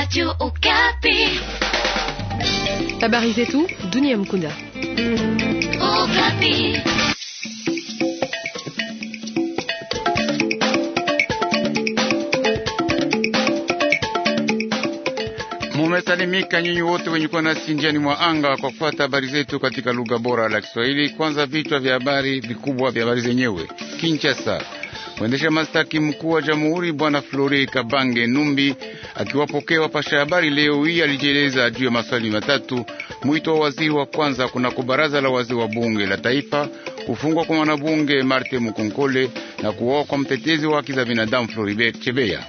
Radio Okapi. Habari zetu dunia mkunda. Okapi. Mumesalimika nyinyi wote wenye kuwa nasi njiani mwa anga kwa kufuata habari zetu katika lugha bora la Kiswahili. Kwanza vichwa vya habari vikubwa vya habari zenyewe. Kinshasa, mwendesha mastaki mkuu wa jamhuri bwana Flori Kabange Numbi Akiwapokea wapasha habari leo hii, alijieleza juu ya maswali matatu: mwito wa waziri wa kwanza kunako baraza la wazee wa bunge la taifa, kufungwa kwa mwanabunge Marte Mukonkole na kuoa kwa mtetezi wa haki za binadamu Floribert Chebeya.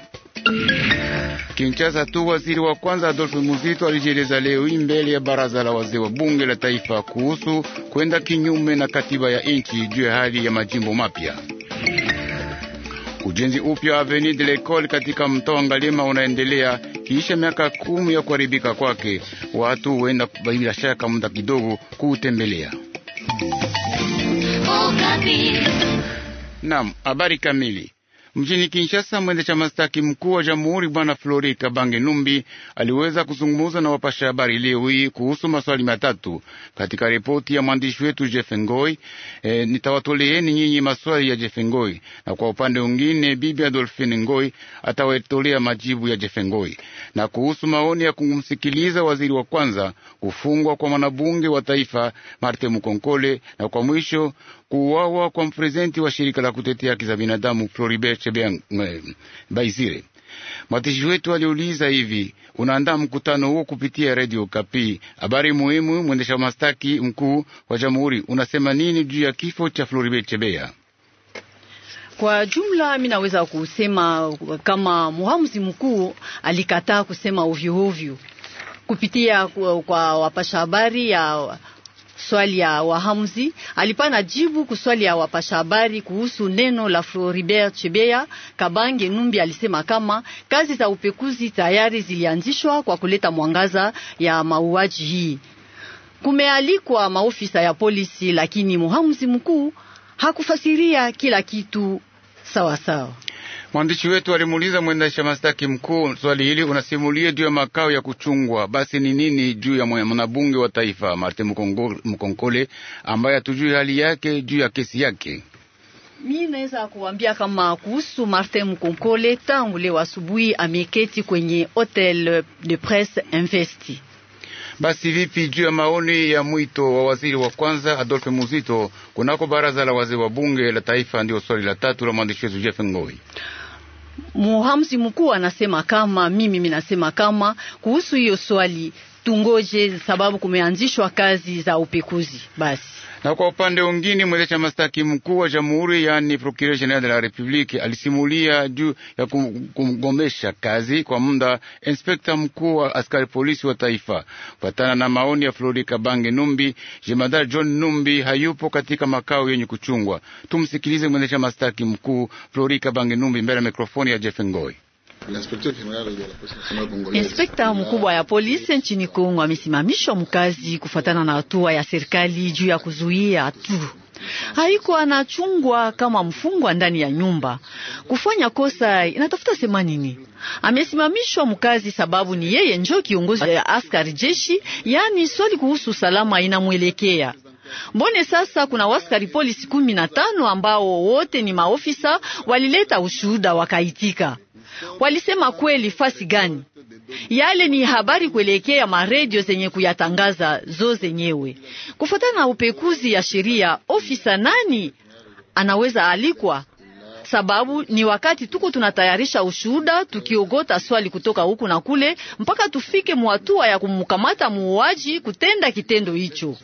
kinchaza tu waziri wa kwanza adolfe Muzito alijieleza leo hii mbele ya baraza la wazee wa bunge la taifa kuhusu kwenda kinyume na katiba ya nchi juu ya hali ya majimbo mapya. Ujenzi upya wa Avenue de l'Ecole katika mtaa wa Ngalema unaendelea kisha miaka kumi ya kuharibika kwake. Watu huenda bila shaka muda kidogo kuutembelea. Oh, Naam, habari kamili Mjini Kinshasa, mwendesha mastaki mkuu wa jamhuri bwana Flori Kabange Numbi aliweza kuzungumza na wapasha habari leo hii kuhusu maswali matatu katika ripoti ya mwandishi wetu Jefengoi. E, nitawatoleeni nyinyi maswali ya Jefengoi, na kwa upande mwingine bibi Adolfine Ngoi atawatolea majibu ya Jefengoi, na kuhusu maoni ya kumsikiliza waziri wa kwanza kufungwa kwa mwanabunge wa taifa Marte Mukonkole, na kwa mwisho kuuawa kwa mprezenti wa shirika la kutetea haki za binadamu Floribert Chebiang Baiziri. Mwandishi wetu aliuliza hivi, unaandaa mkutano huo kupitia radio Kapi. Habari muhimu, mwendesha mastaki mkuu wa jamhuri unasema nini juu ya kifo cha Floribe Chebea? Kwa jumla mi naweza kusema kama muhamuzi mkuu alikataa kusema ovyo ovyo kupitia kwa wapasha habari ya swali ya wahamzi alipana jibu kuswali ya wapasha habari kuhusu neno la Floribert Chebeya. Kabange Numbi alisema kama kazi za upekuzi tayari zilianzishwa kwa kuleta mwangaza ya mauaji hii. Kumealikwa maofisa ya polisi, lakini muhamzi mkuu hakufasiria kila kitu sawasawa sawa. Mwandishi wetu alimuuliza mwendesha mashtaki mkuu swali hili, unasimulie juu ya makao ya kuchungwa basi ni nini juu ya mwanabunge wa taifa Martin Mkonkole ambaye hatujui hali yake juu ya kesi yake. Mi naweza kuambia kama kuhusu Martin Mkonkole, tangu leo asubuhi ameketi kwenye Hotel de Presse Investi. Basi vipi juu ya maoni ya mwito wa waziri wa kwanza Adolphe Muzito kunako baraza la wazee wa bunge la taifa? Ndio swali la tatu la mwandishi wetu Jeff Ngoi muhamsi mkuu anasema kama mimi minasema kama kuhusu hiyo swali tungoje, sababu kumeanzishwa kazi za upekuzi basi na kwa upande wengine mwezesha mastaki mkuu wa jamhuri, yani Procureur General de la Republique, alisimulia juu ya kumgomesha kazi kwa muda inspekta mkuu wa askari polisi wa taifa. Kufuatana na maoni ya Flori Kabange Numbi, jemadar John Numbi hayupo katika makao yenye kuchungwa. Tumsikilize mwezesha mastaki mkuu Flori Kabange Numbi mbele ya mikrofoni ya Jeff Ngoi. Inspekta mkubwa ya polisi nchini Kongo amesimamishwa mkazi kufuatana na hatua ya serikali juu ya kuzuia tu haiko anachungwa kama mfungwa ndani ya nyumba. Kufanya kosa inatafuta sema nini? Amesimamishwa mkazi sababu ni yeye njo kiongozi ya askari jeshi, yaani swali kuhusu salama inamwelekea Mbone sasa kuna waskari polisi kumi na tano ambao wote ni maofisa walileta ushuhuda wakaitika. Walisema kweli fasi gani? Yale ni habari kuelekea maredio zenye kuyatangaza zo zenyewe. Kufuatana na upekuzi ya sheria, ofisa nani anaweza alikwa? Sababu ni wakati tuko tunatayarisha ushuhuda, tukiogota swali kutoka huku na kule, mpaka tufike mwatua ya kumkamata muuaji kutenda kitendo hicho.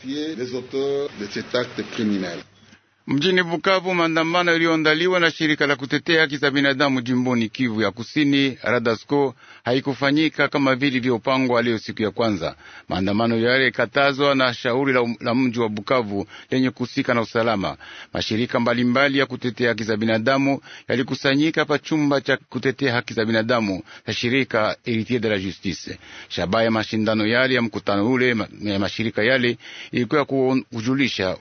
Mjini Bukavu, maandamano yaliyoandaliwa na shirika la kutetea haki za binadamu jimboni Kivu ya Kusini, Radasco, haikufanyika kama vile iliyopangwa leo siku ya kwanza. Maandamano yale ikatazwa na shauri la, um, la mji wa Bukavu lenye kuhusika na usalama. Mashirika mbalimbali ya kutetea haki za binadamu yalikusanyika pa chumba cha kutetea haki za binadamu cha shirika Heritier de la Justice. Shabaha ya mashindano yale ya mkutano ule ya mashirika yale ilikuwa kujulisha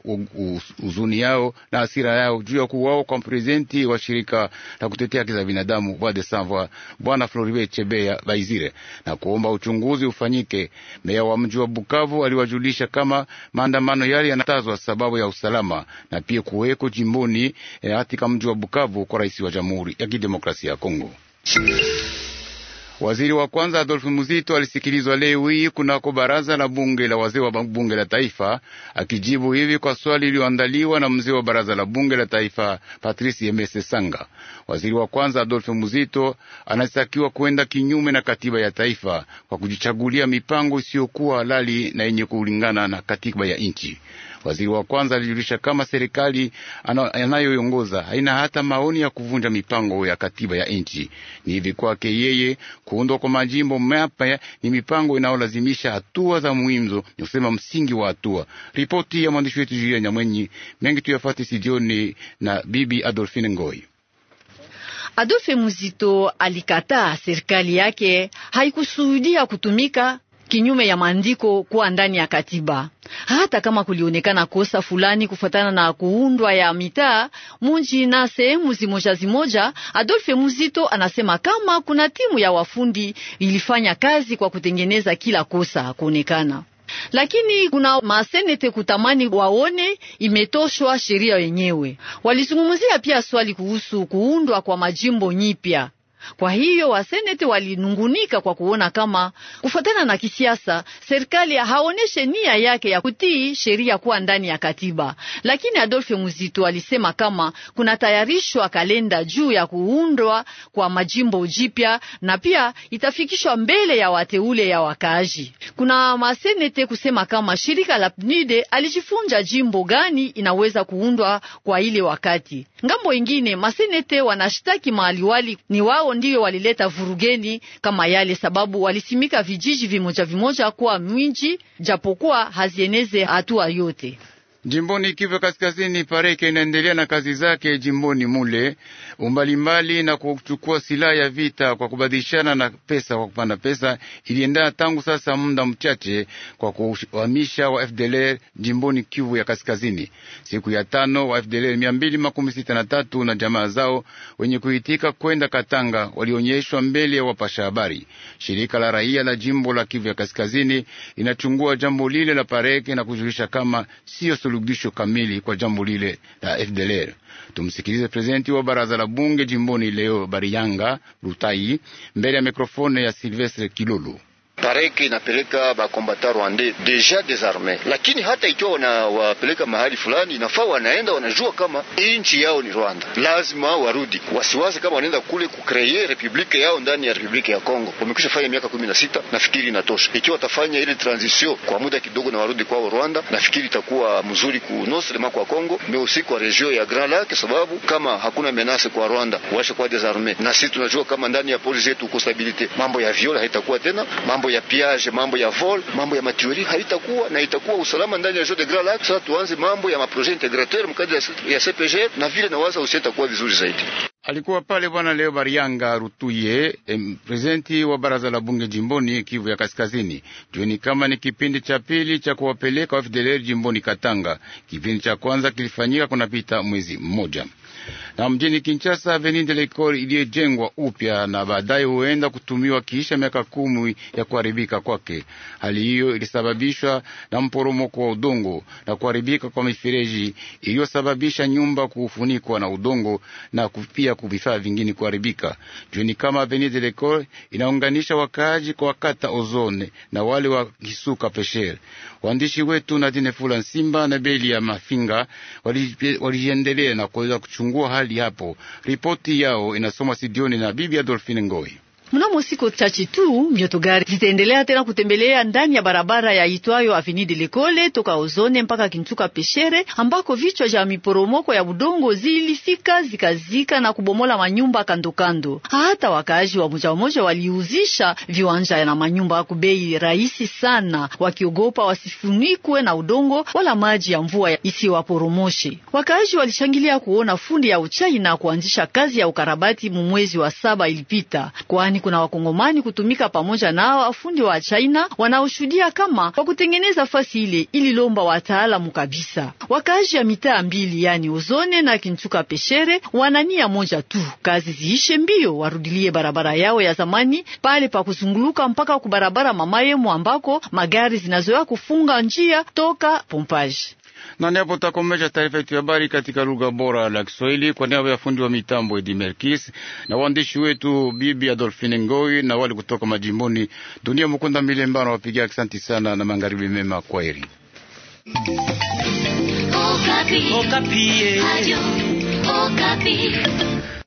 huzuni yao na hasira yao juu ya kuuawa kwa mprezidenti wa shirika la kutetea haki za binadamu Voix des Sans Voix bwana Floribert Chebeya Baizire na kuomba uchunguzi ufanyike. Meya wa mji wa Bukavu aliwajulisha kama maandamano yale yanatazwa sababu ya usalama na pia kuweko jimboni eh, katika mji wa Bukavu kwa rais wa Jamhuri ya Kidemokrasia ya Kongo. Waziri wa kwanza Adolf Muzito alisikilizwa leo hii kunako baraza la bunge la wazee wa bunge la taifa, akijibu hivi kwa swali iliyoandaliwa na mzee wa baraza la bunge la taifa Patrisi Emese Sanga. Waziri wa kwanza Adolf Muzito anatakiwa kuenda kinyume na katiba ya taifa kwa kujichagulia mipango isiyokuwa halali na yenye kulingana na katiba ya nchi. Waziri wa kwanza alijulisha kama serikali anayoiongoza haina hata maoni ya kuvunja mipango ya katiba ya nchi. Ni hivi kwake yeye, kuundwa kwa majimbo mapya ni mipango inayolazimisha hatua za muhimu, ni kusema msingi wa hatua. Ripoti ya mwandishi wetu Julia Nyamwenyi, mengi tuyafati sijioni na bibi Adolfine Ngoi. Adolfe Muzito alikataa serikali yake haikusudia kutumika kinyume ya maandiko kuwa ndani ya katiba. Hata kama kulionekana kosa fulani kufuatana na kuundwa ya mitaa munji na sehemu zimoja zimoja, adolfe Muzito anasema kama kuna timu ya wafundi ilifanya kazi kwa kutengeneza kila kosa kuonekana lakini kuna masenete kutamani waone imetoshwa sheria yenyewe. Walizungumzia pia swali kuhusu kuundwa kwa majimbo nyipya kwa hiyo wasenete walinungunika kwa kuona kama kufuatana na kisiasa serikali haoneshe nia yake ya kutii sheria kuwa ndani ya katiba. Lakini adolfe Muzito alisema kama kunatayarishwa kalenda juu ya kuundwa kwa majimbo jipya na pia itafikishwa mbele ya wateule ya wakaaji. Kuna masenete kusema kama shirika la PNUD e alijifunja jimbo gani inaweza kuundwa kwa ile wakati. Ngambo ingine masenete wanashtaki maaliwali ni wao wao ndiyo walileta vurugeni kama yale, sababu walisimika vijiji vimoja vimoja kuwa mwinji, japokuwa hazieneze hatua yote. Jimboni Kivu Kaskazini, Pareke inaendelea na kazi zake jimboni mule umbalimbali na kuchukua silaha ya vita kwa kubadilishana na pesa, kwa kupanda pesa. Iliendaa tangu sasa muda mchache kwa kuhamisha wa FDLR jimboni Kivu ya Kaskazini. Siku ya tano wa FDLR mia mbili makumi sita na tatu na jamaa zao wenye kuitika kwenda Katanga walionyeshwa mbele ya wapasha habari. Shirika la raia la jimbo la Kivu ya Kaskazini inachungua jambo lile la Pareke na kujulisha kama sio suluhisho kamili kwa jambo lile la FDLR. Tumsikilize prezidenti wa baraza la bunge jimboni leo Bariyanga Rutai mbele ya mikrofone ya Silvestre Kilolo. Sarek inapeleka bakombata Rwanda deja desarme, lakini hata ikiwa wanawapeleka mahali fulani, inafaa wanaenda wanajua kama nchi yao ni Rwanda, lazima warudi. Wasiwazi kama wanaenda kule kukreye republike yao ndani ya republike ya Kongo. Wamekwisha fanya miaka kumi na sita, nafikiri inatosha. Ikiwa watafanya ile transition kwa muda kidogo na warudi kwao Rwanda, nafikiri itakuwa mzuri ku nosrema kwa Kongo me usi kwa region ya Grand Lake, sababu kama hakuna menase kwa Rwanda washe kwa desarme, na sisi tunajua kama ndani ya polisi yetu uko stabilite, mambo ya viola haitakuwa tena mambo ya ya piage, mambo ya vol, mambo ya matuerie haitakuwa na itakuwa usalama ndani ya jeu de Grand Lac. Sasa tuanze mambo ya maprojet integrateur mkadi ya CPG na vile nawaza usi itakuwa vizuri zaidi. Alikuwa pale bwana Leo Barianga Rutuye, mpresidenti eh, wa baraza la bunge jimboni Kivu ya Kaskazini. Jueni kama ni kipindi cha pili cha kuwapeleka wa FDLR jimboni Katanga. Kipindi cha kwanza kilifanyika kunapita mwezi mmoja. Na mjini Kinshasa, Avenue de l'Ecole iliyojengwa upya na baadaye huenda kutumiwa kiisha miaka kumi ya kuharibika kwake. Hali hiyo ilisababishwa na mporomoko wa udongo na kuharibika kwa mifereji iliyosababisha nyumba kufunikwa na udongo na pia vifaa vingine kuharibika. Jioni kama Avenue de l'Ecole inaunganisha wakaaji kwa wakata Ozone na wale wa Kisuka Pesher. Waandishi wetu Nadine Fula Nsimba na Beli ya Mafinga walijiendelea na kuweza kuchunguza kupungua hali hapo. Ripoti yao inasoma Sidioni na Bibi Adolfine Ngoi. Mnamo siku chache tu mioto gari zitaendelea tena kutembelea ndani ya barabara ya itwayo Avenue de l'Ecole toka Ozone mpaka Kintuka Peshere, ambako vichwa vya miporomoko ya udongo zilifika zikazika na kubomola manyumba kandokando. Hata wakaaji wa moja moja waliuzisha viwanja na manyumba kwa bei rahisi sana, wakiogopa wasifunikwe na udongo wala maji ya mvua isiwaporomoshe. Wakaaji walishangilia kuona fundi ya uchaina kuanzisha kazi ya ukarabati mwezi wa saba ilipita kwani kwani kuna wakongomani kutumika pamoja na wafundi wa China wanaoshuhudia kama kwa kutengeneza fasi ile ililomba wataalamu kabisa. Wakaaji ya mitaa mbili, yani Ozone na Kinchuka Peshere, wanania moja tu, kazi ziishe mbio, warudilie barabara yao ya zamani pale pa kuzunguluka mpaka kubarabara Mamayemo ambako magari zinazoya kufunga njia toka pompage na niapo takomesha taarifa yetu ya habari katika lugha bora la Kiswahili kwa niaba ya fundi wa mitambo Edi Merkis na waandishi wetu bibi Adolfine Ngoi na wale kutoka majimboni Dunia Mukunda Milemba na wapigia asanti sana na magharibi mema, kwa heri. Okapi. Okapi. Eh.